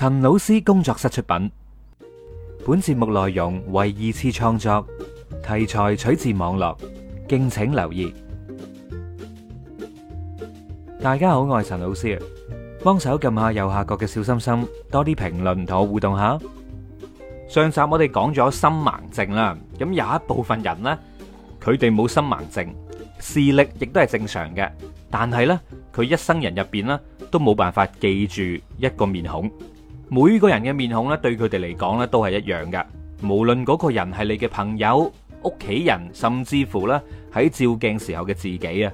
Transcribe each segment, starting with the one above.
陳老師工作室出品，本節目內容為二次創作，題材取自網絡，敬請留意。大家好，我係陳老師，幫手撳下右下角嘅小心心，多啲評論同我互動下。上集我哋講咗心盲症啦，咁有一部分人呢，佢哋冇心盲症，視力亦都係正常嘅，但係呢，佢一生人入邊呢，都冇辦法記住一個面孔。每個人嘅面孔咧，對佢哋嚟講咧都係一樣嘅，無論嗰個人係你嘅朋友、屋企人，甚至乎咧喺照鏡時候嘅自己啊。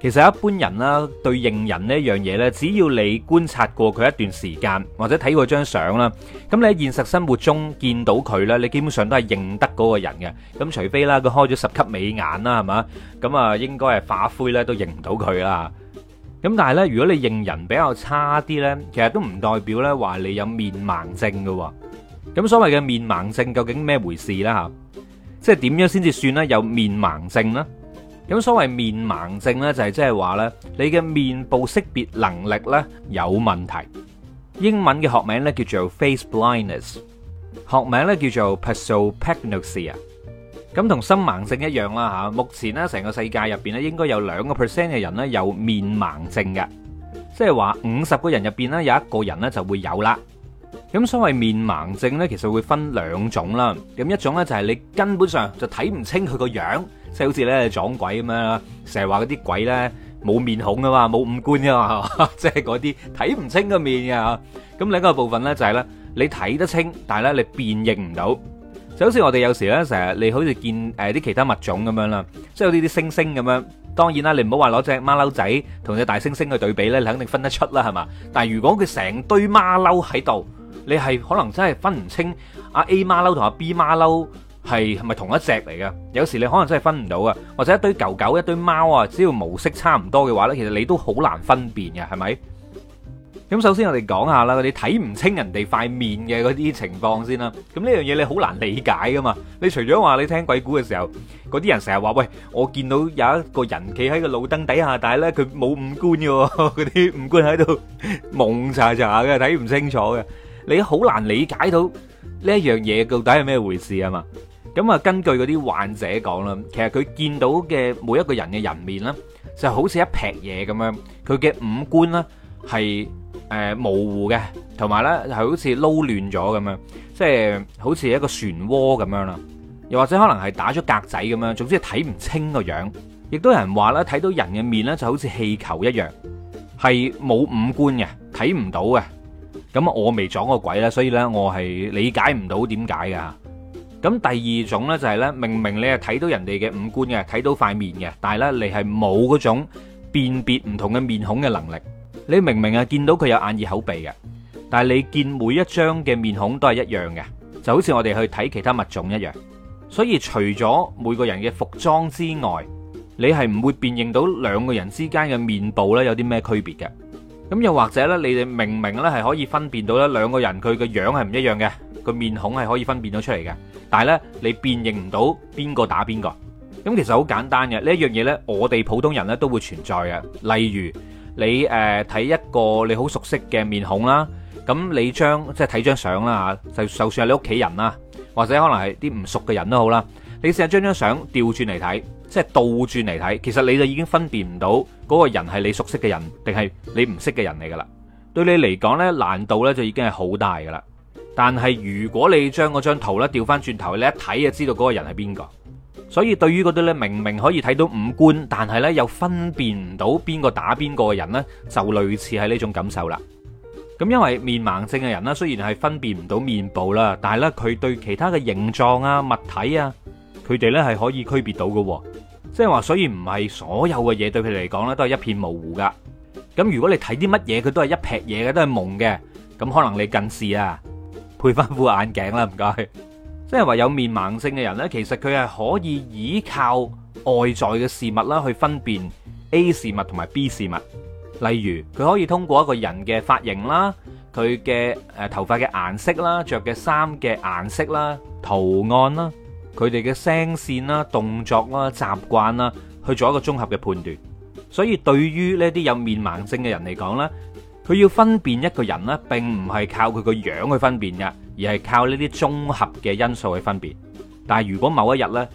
其實一般人啦，對認人呢樣嘢咧，只要你觀察過佢一段時間，或者睇過張相啦，咁你喺現實生活中見到佢咧，你基本上都係認得嗰個人嘅。咁除非啦，佢開咗十級美顏啦，係嘛，咁啊應該係化灰咧都認唔到佢啦。咁但係咧，如果你認人比較差啲咧，其實都唔代表咧話你有面盲症嘅。咁所謂嘅面盲症究竟咩回事咧？吓，即係點樣先至算咧有面盲症咧？咁所謂面盲症咧就係即係話咧你嘅面部識別能力咧有問題。英文嘅學名咧叫做 face blindness，學名咧叫做 prosopagnosia 咁同心盲症一樣啦嚇，目前咧成個世界入邊咧應該有兩個 percent 嘅人咧有面盲症嘅，即係話五十個人入邊咧有一個人咧就會有啦。咁所謂面盲症咧，其實會分兩種啦。咁一種咧就係你根本上就睇唔清佢個樣，即係好似咧撞鬼咁樣啦。成日話嗰啲鬼咧冇面孔啊嘛，冇五官啊嘛，即係嗰啲睇唔清個面啊。咁另一個部分咧就係咧，你睇得清，但係咧你辨認唔到。就好似我哋有時咧，成日你好似見誒啲其他物種咁樣啦，即係呢啲猩猩咁樣。當然啦，你唔好話攞隻馬騮仔同隻大猩猩去對比咧，你肯定分得出啦，係嘛？但係如果佢成堆馬騮喺度，你係可能真係分唔清阿 A 馬騮同阿 B 馬騮係係咪同一隻嚟噶？有時你可能真係分唔到噶，或者一堆狗狗、一堆貓啊，只要模式差唔多嘅話咧，其實你都好難分辨嘅，係咪？咁首先我哋講下啦，你睇唔清人哋塊面嘅嗰啲情況先啦。咁呢樣嘢你好難理解噶嘛？你除咗話你聽鬼故嘅時候，嗰啲人成日話喂，我見到有一個人企喺個路燈底下，但係咧佢冇五官嘅，嗰啲五官喺度蒙查查嘅，睇唔清楚嘅。你好難理解到呢一樣嘢到底係咩回事啊嘛？咁啊，根據嗰啲患者講啦，其實佢見到嘅每一個人嘅人面咧，就好似一劈嘢咁樣，佢嘅五官咧係。誒，模糊嘅，同埋咧係好似撈亂咗咁樣，即係好似一個漩渦咁樣啦，又或者可能係打咗格仔咁樣，總之睇唔清個樣。亦都有人話咧，睇到人嘅面咧就好似氣球一樣，係冇五官嘅，睇唔到嘅。咁我未撞過鬼啦，所以咧我係理解唔到點解噶。咁第二種咧就係咧，明明你係睇到人哋嘅五官嘅，睇到塊面嘅，但係咧你係冇嗰種辨別唔同嘅面孔嘅能力。你明明係見到佢有眼耳口鼻嘅，但係你見每一張嘅面孔都係一樣嘅，就好似我哋去睇其他物種一樣。所以除咗每個人嘅服裝之外，你係唔會辨認到兩個人之間嘅面部咧有啲咩區別嘅。咁又或者咧，你哋明明咧係可以分辨到咧兩個人佢個樣係唔一樣嘅，個面孔係可以分辨到出嚟嘅，但係咧你辨認唔到邊個打邊個。咁其實好簡單嘅呢一樣嘢咧，我哋普通人咧都會存在嘅，例如。你誒睇一個你好熟悉嘅面孔啦，咁你將即係睇張相啦，就就算係你屋企人啦，或者可能係啲唔熟嘅人都好啦，你試下將張相調轉嚟睇，即係倒轉嚟睇，其實你就已經分辨唔到嗰個人係你熟悉嘅人定係你唔識嘅人嚟噶啦，對你嚟講呢，難度呢就已經係好大噶啦，但係如果你將嗰張圖呢調翻轉頭，你一睇就知道嗰個人係邊個。所以對於嗰啲咧，明明可以睇到五官，但係咧又分辨唔到邊個打邊個嘅人咧，就類似係呢種感受啦。咁因為面盲症嘅人咧，雖然係分辨唔到面部啦，但係咧佢對其他嘅形狀啊、物體啊，佢哋咧係可以區別到嘅。即係話，所以唔係所有嘅嘢對佢嚟講咧都係一片模糊噶。咁如果你睇啲乜嘢，佢都係一撇嘢嘅，都係矇嘅。咁可能你近視啊，配翻副眼鏡啦，唔該。即係話有面盲症嘅人咧，其實佢係可以依靠外在嘅事物啦，去分辨 A 事物同埋 B 事物。例如，佢可以通過一個人嘅髮型啦，佢嘅誒頭髮嘅顏色啦，着嘅衫嘅顏色啦、圖案啦，佢哋嘅聲線啦、動作啦、習慣啦，去做一個綜合嘅判斷。所以對於呢啲有面盲症嘅人嚟講咧，佢要分辨一個人咧，並唔係靠佢個樣去分辨嘅。而係靠呢啲綜合嘅因素去分別，但係如果某一日呢，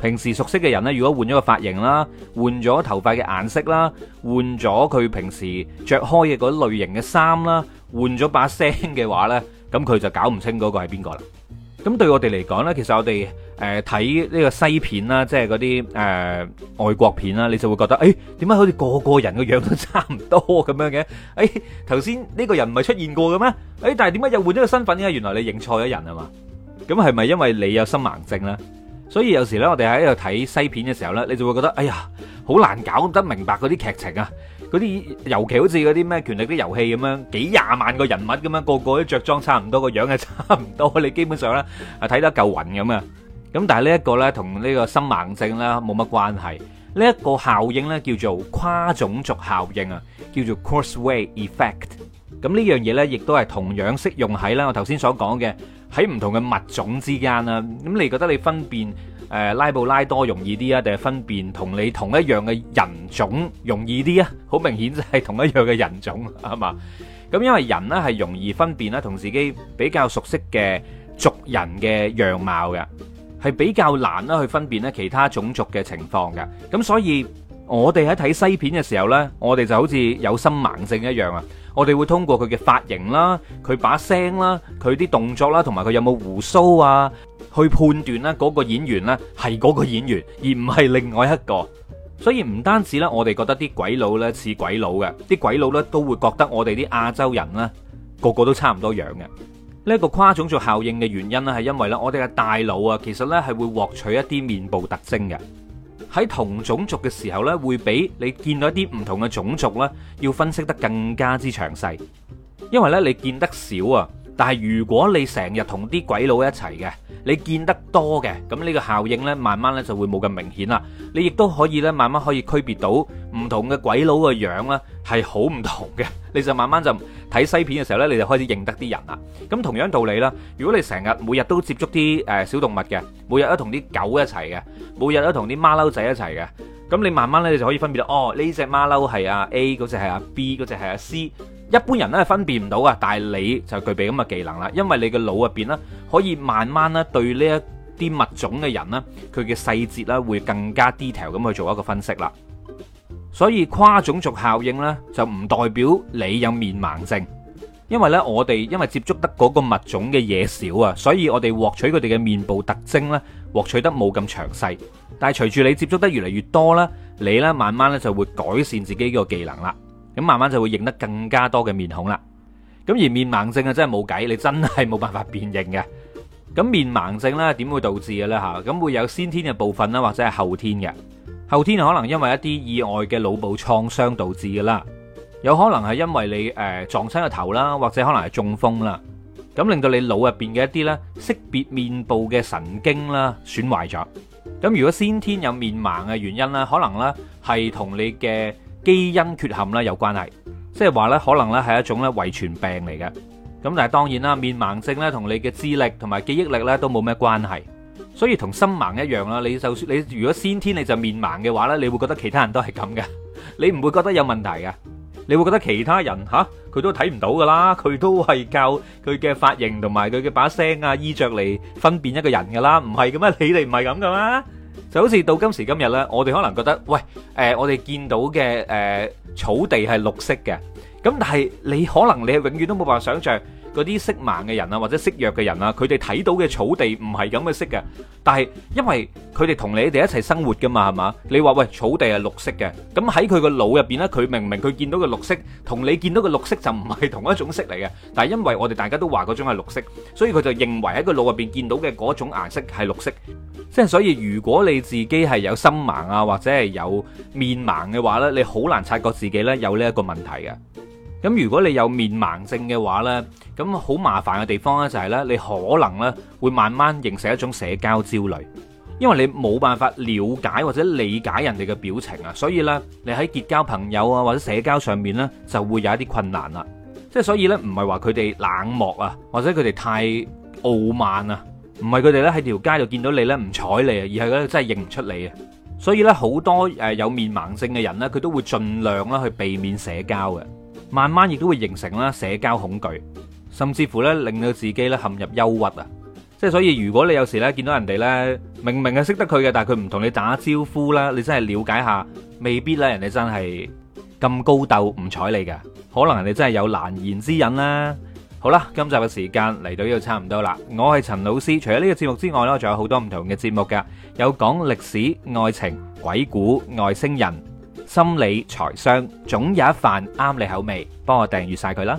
平時熟悉嘅人呢，如果換咗個髮型啦，換咗頭髮嘅顏色啦，換咗佢平時着開嘅嗰類型嘅衫啦，換咗把聲嘅話呢，咁佢就搞唔清嗰個係邊個啦。咁對我哋嚟講呢，其實我哋，誒睇呢個西片啦，即係嗰啲誒外國片啦，你就會覺得誒點解好似個個人個樣都差唔多咁樣嘅？誒頭先呢個人唔係出現過嘅咩？誒但係點解又換咗個身份嘅？原來你認錯咗人係嘛？咁係咪因為你有心盲症咧？所以有時咧，我哋喺度睇西片嘅時候咧，你就會覺得哎呀，好難搞得明白嗰啲劇情啊！嗰啲尤其好似嗰啲咩權力啲遊戲咁樣，幾廿萬個人物咁樣，個個都着裝差唔多，個樣又差唔多，你基本上咧係睇得夠暈咁啊！咁但係呢一個咧，同呢個心盲症咧冇乜關係。呢一個效應咧叫做跨種族效應啊，叫做 crossway effect。咁呢樣嘢咧，亦都係同樣適用喺咧，我頭先所講嘅喺唔同嘅物種之間啊。咁你覺得你分辨誒拉布拉多容易啲啊，定係分辨同你同一樣嘅人種容易啲啊？好明顯就係同一樣嘅人種係嘛？咁因為人咧係容易分辨啦，同自己比較熟悉嘅族人嘅樣貌嘅。係比較難啦，去分辨咧其他種族嘅情況嘅。咁所以我哋喺睇西片嘅時候呢，我哋就好似有心盲症一樣啊！我哋會通過佢嘅髮型啦、佢把聲啦、佢啲動作啦，同埋佢有冇鬍鬚啊，去判斷咧嗰個演員呢係嗰個演員，而唔係另外一個。所以唔單止呢，我哋覺得啲鬼佬呢似鬼佬嘅，啲鬼佬呢都會覺得我哋啲亞洲人呢個個都差唔多樣嘅。呢一個跨種族效應嘅原因咧，係因為咧，我哋嘅大腦啊，其實咧係會獲取一啲面部特徵嘅。喺同種族嘅時候咧，會比你見到一啲唔同嘅種族咧，要分析得更加之詳細。因為咧，你見得少啊。但係如果你成日同啲鬼佬一齊嘅，你見得多嘅，咁呢個效應呢，慢慢呢就會冇咁明顯啦。你亦都可以呢，慢慢可以區別到唔同嘅鬼佬嘅樣呢係好唔同嘅。你就慢慢就睇西片嘅時候呢，你就開始認得啲人啦。咁同樣道理啦，如果你成日每日都接觸啲誒小動物嘅，每日都同啲狗一齊嘅，每日都同啲馬騮仔一齊嘅，咁你慢慢呢你就可以分別到，哦呢隻馬騮係啊 A，嗰隻係啊 B，嗰隻係啊 C。一般人咧分辨唔到啊，但係你就具備咁嘅技能啦，因為你嘅腦入邊咧可以慢慢咧對呢一啲物種嘅人咧，佢嘅細節啦會更加 detail 咁去做一個分析啦。所以跨種族效應呢，就唔代表你有面盲症，因為呢，我哋因為接觸得嗰個物種嘅嘢少啊，所以我哋獲取佢哋嘅面部特徵呢，獲取得冇咁詳細。但係隨住你接觸得越嚟越多咧，你呢，慢慢咧就會改善自己個技能啦。咁慢慢就會認得更加多嘅面孔啦。咁而面盲症啊，真係冇計，你真係冇辦法辨認嘅。咁面盲症咧點會導致嘅咧嚇？咁會有先天嘅部分啦，或者係後天嘅。後天可能因為一啲意外嘅腦部創傷導致嘅啦。有可能係因為你誒撞親個頭啦，或者可能係中風啦，咁令到你腦入邊嘅一啲咧識別面部嘅神經啦損壞咗。咁如果先天有面盲嘅原因咧，可能咧係同你嘅。基因缺陷啦有關係，即係話呢可能呢係一種呢遺傳病嚟嘅。咁但係當然啦，面盲症呢同你嘅智力同埋記憶力呢都冇咩關係。所以同心盲一樣啦，你就算你如果先天你就面盲嘅話呢，你會覺得其他人都係咁嘅，你唔會覺得有問題噶。你會覺得其他人吓佢都睇唔到噶啦，佢都係靠佢嘅髮型同埋佢嘅把聲啊衣着嚟分辨一個人噶啦，唔係噶咩？你哋唔係咁噶嘛？就好似到今時今日呢我哋可能覺得，喂，誒、呃，我哋見到嘅誒、呃、草地係綠色嘅，咁但係你可能你係永遠都冇辦法想像。嗰啲色盲嘅人啊，或者色弱嘅人啊，佢哋睇到嘅草地唔係咁嘅色嘅，但係因為佢哋同你哋一齊生活噶嘛，係嘛？你話喂，草地係綠色嘅，咁喺佢個腦入邊咧，佢明明佢見到嘅綠色同你見到嘅綠色就唔係同一種色嚟嘅。但係因為我哋大家都話嗰種係綠色，所以佢就認為喺佢腦入邊見到嘅嗰種顏色係綠色。即係所以如果你自己係有心盲啊，或者係有面盲嘅話咧，你好難察覺自己咧有呢一個問題嘅。咁如果你有面盲症嘅話呢，咁好麻煩嘅地方呢就係呢，你可能呢會慢慢形成一種社交焦慮，因為你冇辦法了解或者理解人哋嘅表情啊，所以呢你喺結交朋友啊或者社交上面呢就會有一啲困難啦。即係所以呢唔係話佢哋冷漠啊，或者佢哋太傲慢啊，唔係佢哋咧喺條街度見到你呢唔睬你啊，而係咧真係認唔出你啊。所以呢好多誒有面盲症嘅人呢，佢都會盡量咧去避免社交嘅。慢慢亦都會形成啦，社交恐懼，甚至乎呢令到自己陷入憂鬱啊！即係所以，如果你有時呢見到人哋呢明明係識得佢嘅，但係佢唔同你打招呼啦，你真係了解下，未必咧人哋真係咁高斗唔睬你噶，可能人哋真係有難言之隱啦。好啦，今集嘅時間嚟到呢度差唔多啦，我係陳老師，除咗呢個節目之外咧，仲有好多唔同嘅節目噶，有講歷史、愛情、鬼故、外星人。心理財商總有一份啱你口味，幫我訂閱晒佢啦！